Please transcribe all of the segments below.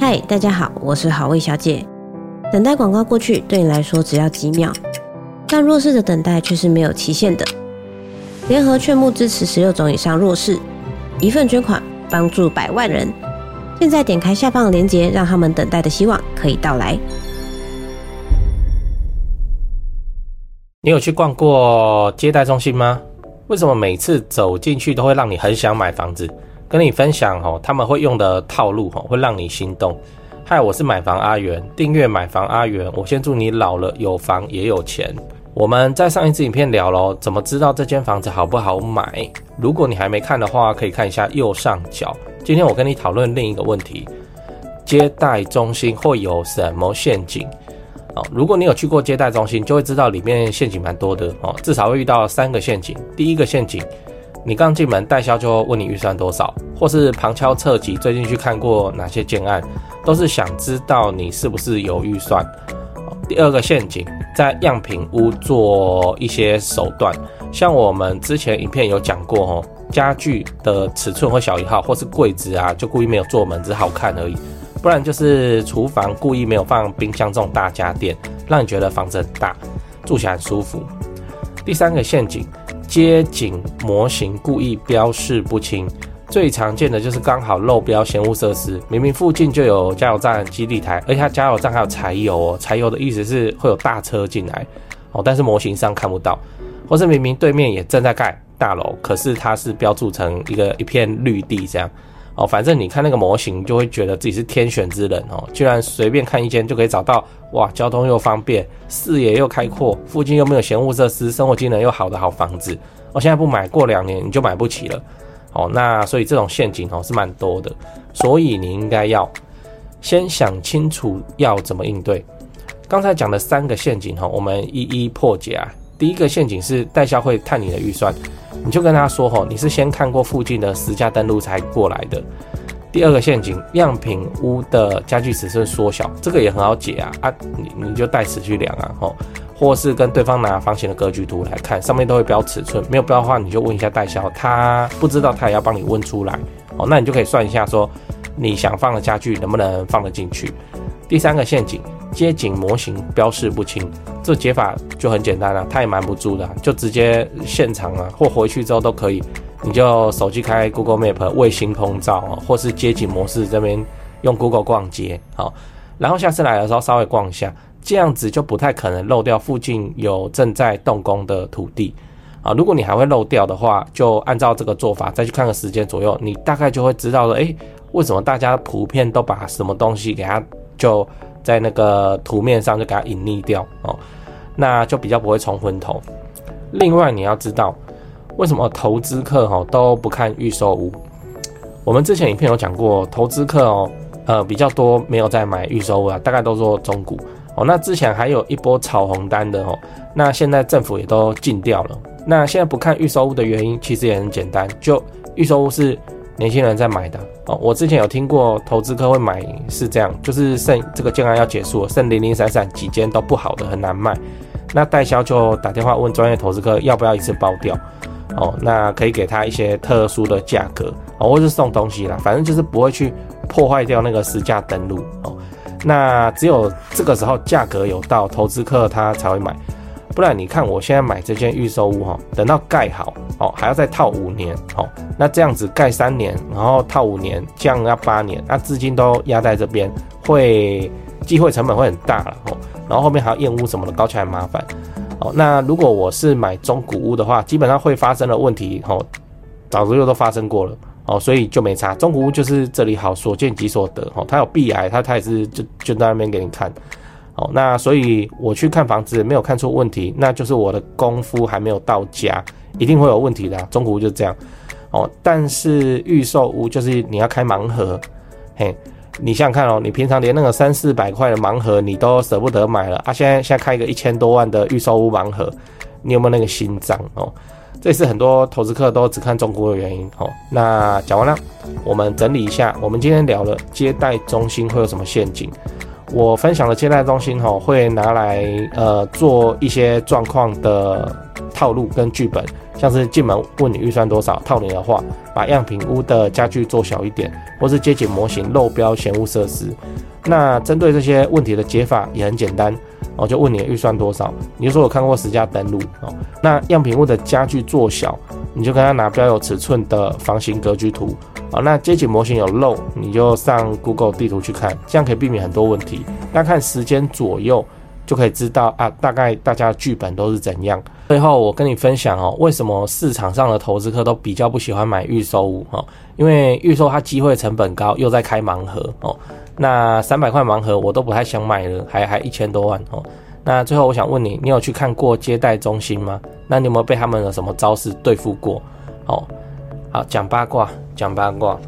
嗨，大家好，我是好味小姐。等待廣告過去對你來說只要幾秒，但弱勢的等待卻是沒有期限的。聯合勸募支持十六種以上弱勢，一份捐款幫助百萬人。現在點開下方的鏈接，讓他們等待的希望可以到來。你有去逛過接待中心嗎？為什麼每次走進去都會讓你很想買房子？跟你分享哦，他們會用的套路哈、哦，會讓你心動。嗨，我是買房阿元，訂閱買房阿元。我先祝你老了有房也有錢。我們在上一次影片聊嘍，怎麼知道這間房子好不好買？如果你還沒看的話，可以看一下右上角。今天我跟你討論另一個問題，接待中心會有什麼陷阱？哦，如果你有去過接待中心，就會知道裡面陷阱蠻多的哦，至少會遇到三個陷阱。第一個陷阱。你剛進門，代銷就問你預算多少，或是旁敲側擊最近去看過哪些建案，都是想知道你是不是有預算。哦，第二個陷阱，在樣品屋做一些手段，像我們之前影片有講過哦，家具的尺寸會小一號，或是櫃子啊就故意沒有做門，只好看而已。不然就是廚房故意沒有放冰箱這種大家電，讓你覺得房子很大，住起來很舒服。第三個陷阱，街景模型故意標示不清，最常見的就是剛好漏標嫌惡設施。明明附近就有加油站、基地台，而且它加油站還有柴油哦。柴油的意思是會有大車進來哦，但是模型上看不到。或是明明對面也正在蓋大樓，可是它是標注成一個一片綠地這樣。哦，反正你看那個模型，就會覺得自己是天選之人哦。居然隨便看一間就可以找到，哇，交通又方便，視野又開闊，附近又沒有嫌惡設施，生活機能又好的好房子。我、哦、現在不買，過兩年你就買不起了。哦，那所以這種陷阱哦是蠻多的，所以你應該要先想清楚要怎麼應對。剛才講的三個陷阱哈、哦，我們一一破解啊。第一個陷阱是代銷會探你的預算。你就跟他說吼，你是先看過附近的實價登錄才過來的。第二個陷阱，樣品屋的家具尺寸縮小，這個也很好解啊啊，你你就帶尺去量啊吼，或是跟對方拿房型的格局圖來看，上面都會標尺寸，沒有標的話你就問一下代銷，他不知道他也要幫你問出來哦，那你就可以算一下說，你想放的家具能不能放得進去。第三個陷阱，街景模型標示不清，這個，解法就很簡單了，啊，他也瞞不住的，啊，就直接現場啊，或回去之後都可以，你就手機開 Google Map，衛星通照啊，或是街景模式這邊用 Google 逛街。好，然後下次來的時候稍微逛一下，這樣子就不太可能漏掉附近有正在動工的土地啊。如果你還會漏掉的話，就按照這個做法再去看個時間左右，你大概就會知道了，哎，欸，為什麼大家普遍都把什麼東西給他？就在那個圖面上就給它隱匿掉哦，那就比較不會沖昏頭。另外你要知道，為什麼投資客哈都不看預售屋？我們之前影片有講過，投資客哦，呃比較多沒有在買預售屋啊，大概都做中古哦。那之前還有一波炒紅單的哦，那現在政府也都禁掉了。那現在不看預售屋的原因，其實也很簡單，就預售屋是。年輕人在買的哦，我之前有聽過投資客會買，是這樣，就是剩這個建案要結束了，剩零零散散幾間都不好的，很難賣。那代銷就打電話問專業投資客要不要一次包掉，哦，那可以給他一些特殊的價格啊，哦，或是送東西啦，反正就是不會去破壞掉那個實價登錄哦。那只有這個時候價格有到，投資客他才會買，不然你看我現在買這間預售屋哈，等到蓋好。哦，還要再套五年哦，那這樣子蓋三年，然後套五年，這樣要八年，那、啊、資金都壓在這邊，會機會成本會很大了哦。然後後面還要驗屋什麼的，搞起來很麻煩。哦，那如果我是買中古屋的話，基本上會發生的問題哦，早早就都發生過了哦，所以就沒差。中古屋就是這裡好，所見即所得哦，它有壁癌，它它也是就就在那邊給你看哦。那所以我去看房子沒有看出問題，那就是我的功夫還沒有到家。一定會有問題的啊，中古就是這樣哦。但是預售屋就是你要開盲盒，嘿，你想想看哦，你平常連那個三四百塊的盲盒你都捨不得買了啊，現在現在開一個一千多萬的預售屋盲盒，你有沒有那個心臟哦？這是很多投資客都只看中古的原因哦。那講完了，我們整理一下，我們今天聊了接待中心會有什麼陷阱。我分享的接待中心哈，會拿來呃做一些狀況的套路跟劇本，像是進門問你預算多少，套你的話，把樣品屋的家具做小一點，或是街景模型漏標嫌惡設施。那針對這些問題的解法也很簡單，我就問你預算多少，你就說我看過實價登錄哦。那樣品屋的家具做小。你就跟他拿標有尺寸的房型格局圖啊，那街景模型有漏，你就上 Google 地圖去看，這樣可以避免很多問題。那看時間左右就可以知道啊，大概大家的劇本都是怎樣。最後我跟你分享哦，為什麼市場上的投資客都比較不喜歡買預售屋哦？因為預售它機會成本高，又在開盲盒哦。那三百塊盲盒我都不太想買了，還還一千多萬哦。那最後我想問你，你有去看過接待中心嗎？那你有沒有被他們的什麼招式對付過？哦，好講八卦，講八卦。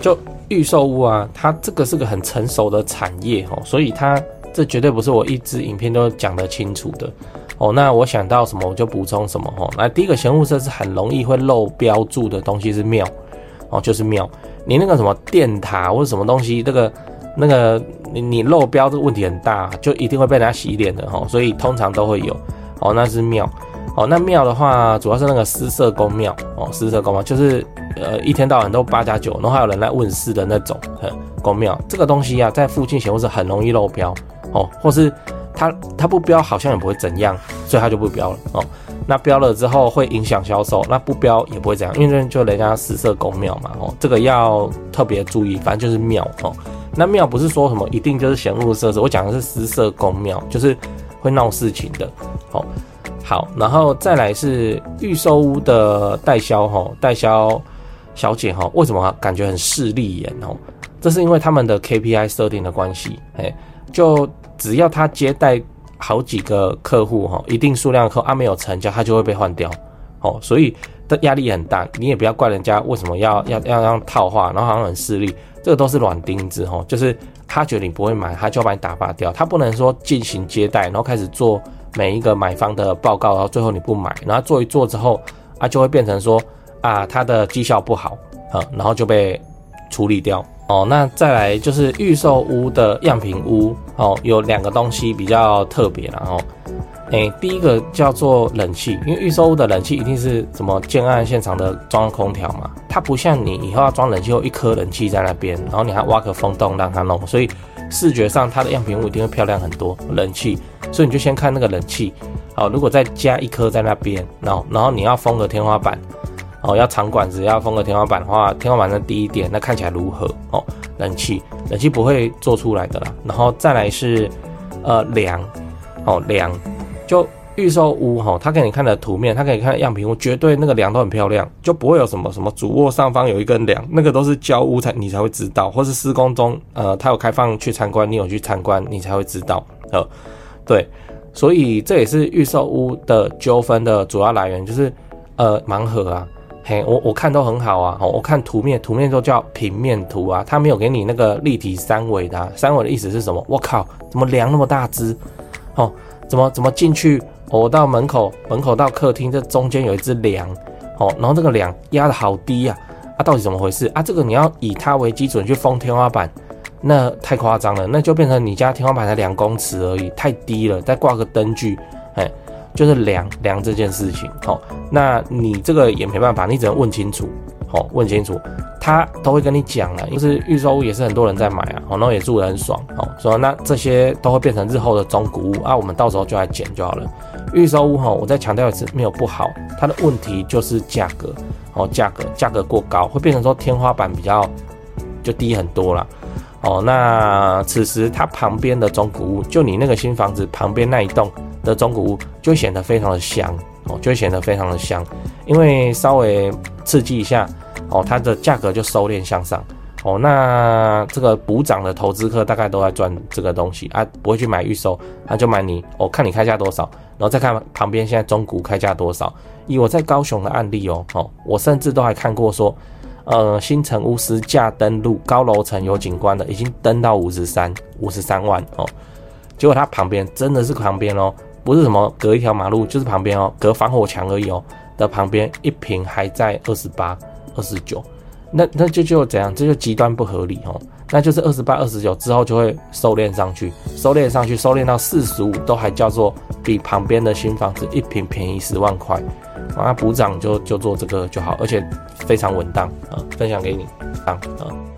就預售屋啊，它這個是個很成熟的產業哦，所以它這絕對不是我一支影片都講得清楚的哦。那我想到什麼我就補充什麼哦。那第一個嫌惡設施是很容易會漏標注的東西是廟哦，就是廟。你那個什麼電塔或者什麼東西這個。那個你你漏標這個問題很大，就一定會被人家洗臉的吼，所以通常都會有。哦，那是廟。哦，那廟的話，主要是那個私設宮廟哦，私設宮廟就是呃一天到晚都八加九，然後還有人來問事的那種宮廟。這個東西啊，在附近寫或是很容易漏標哦，或是他它不標好像也不會怎樣，所以他就不標了哦。那標了之後會影響銷售，那不標也不會怎樣，因為就人家私設宮廟嘛哦，這個要特別注意，反正就是廟哦。那廟不是說什麼一定就是嫌惡設施，我講的是私設宮廟，就是會鬧事情的。好、哦，好，然後再來是預售屋的代銷哈，代銷小姐哈，為什麼感覺很勢利眼哦？這是因為他們的 KPI 設定的關係，哎、欸，就只要他接待好幾個客戶哈，一定數量的客戶，他、啊、沒有成交，他就會被換掉。哦，所以。的壓力很大，你也不要怪人家為什麼要要要讓套話，然後好像很勢利，這個都是軟釘子吼，就是他覺得你不會買，他就要把你打發掉，他不能說進行接待，然後開始做每一個買方的報告，然後最後你不買，然後做一做之後啊，就會變成說啊他的績效不好啊、嗯，然後就被處理掉哦。那再來就是預售屋的樣品屋哦，有兩個東西比較特別啦，哦、然後。哎、欸，第一個叫做冷氣，因為預售屋的冷氣一定是什麼建案現場的裝空調嘛，它不像你以後要裝冷氣，後一顆冷氣在那邊，然後你還挖個風洞讓它弄，所以視覺上它的樣品屋一定會漂亮很多。冷氣，所以你就先看那個冷氣，好，如果再加一顆在那邊，然後然後你要封個天花板，哦，要長管子要封個天花板的話，天花板再低一點，那看起來如何？哦，冷氣，冷氣不會做出來的啦。然後再來是，呃，梁，哦，梁。就預售屋哈，他給你看的圖面，他給你看的樣品屋，絕對那個梁都很漂亮，就不會有什麼什麼主臥上方有一根梁，那個都是交屋才你才會知道，或是施工中呃他有開放去參觀，你有去參觀你才會知道呃，對，所以這也是預售屋的糾紛的主要來源，就是呃盲盒啊，嘿，我我看都很好啊，哦、我看圖面圖面都叫平面圖啊，他沒有給你那個立體三維的、啊，三維的意思是什麼？我靠，怎麼梁那麼大隻？哦。怎麼怎麼進去？哦，我到門口，門口到客廳，這中間有一支樑，哦，然後這個梁壓得好低啊，啊，到底怎麼回事啊？這個你要以它為基準去封天花板，那太誇張了，那就變成你家天花板才兩公尺而已，太低了，再掛個燈具，哎，就是梁梁這件事情，哦，那你這個也沒辦法，你只能問清楚。哦，問清楚，他都會跟你講了，就是預售屋也是很多人在買啊，哦，然後也住得很爽，哦，說那這些都會變成日後的中古屋啊，我們到時候就來撿就好了。預售屋哈，哦，我再強調一次，沒有不好，它的問題就是價格，哦，價格價格過高會變成說天花板比較就低很多啦。哦，那此時它旁邊的中古屋，就你那個新房子旁邊那一棟的中古屋就顯得非常的香，哦，就顯得非常的香，因為稍微。刺激一下，哦，它的價格就收斂向上，哦，那這個補漲的投資客大概都在賺這個東西啊，不會去買預售，他、啊、就買你，哦。看你開價多少，然後再看旁邊現在中古開價多少。以我在高雄的案例哦，哦，我甚至都還看過說，呃，新成屋實價登錄高樓層有景觀的，已經登到五十三、五十三萬哦，結果它旁邊真的是旁邊哦，不是什麼隔一條馬路，就是旁邊哦，隔防火牆而已哦。的旁邊一坪還在二十八、二十九，那那就就怎樣？這就極端不合理哦。那就是二十八、二十九之後就會收斂上去，收斂上去，收斂到四十五都還叫做比旁邊的新房子一坪便宜十萬塊，讓它補漲就就做這個就好，而且非常穩當啊！分享給你，啊。啊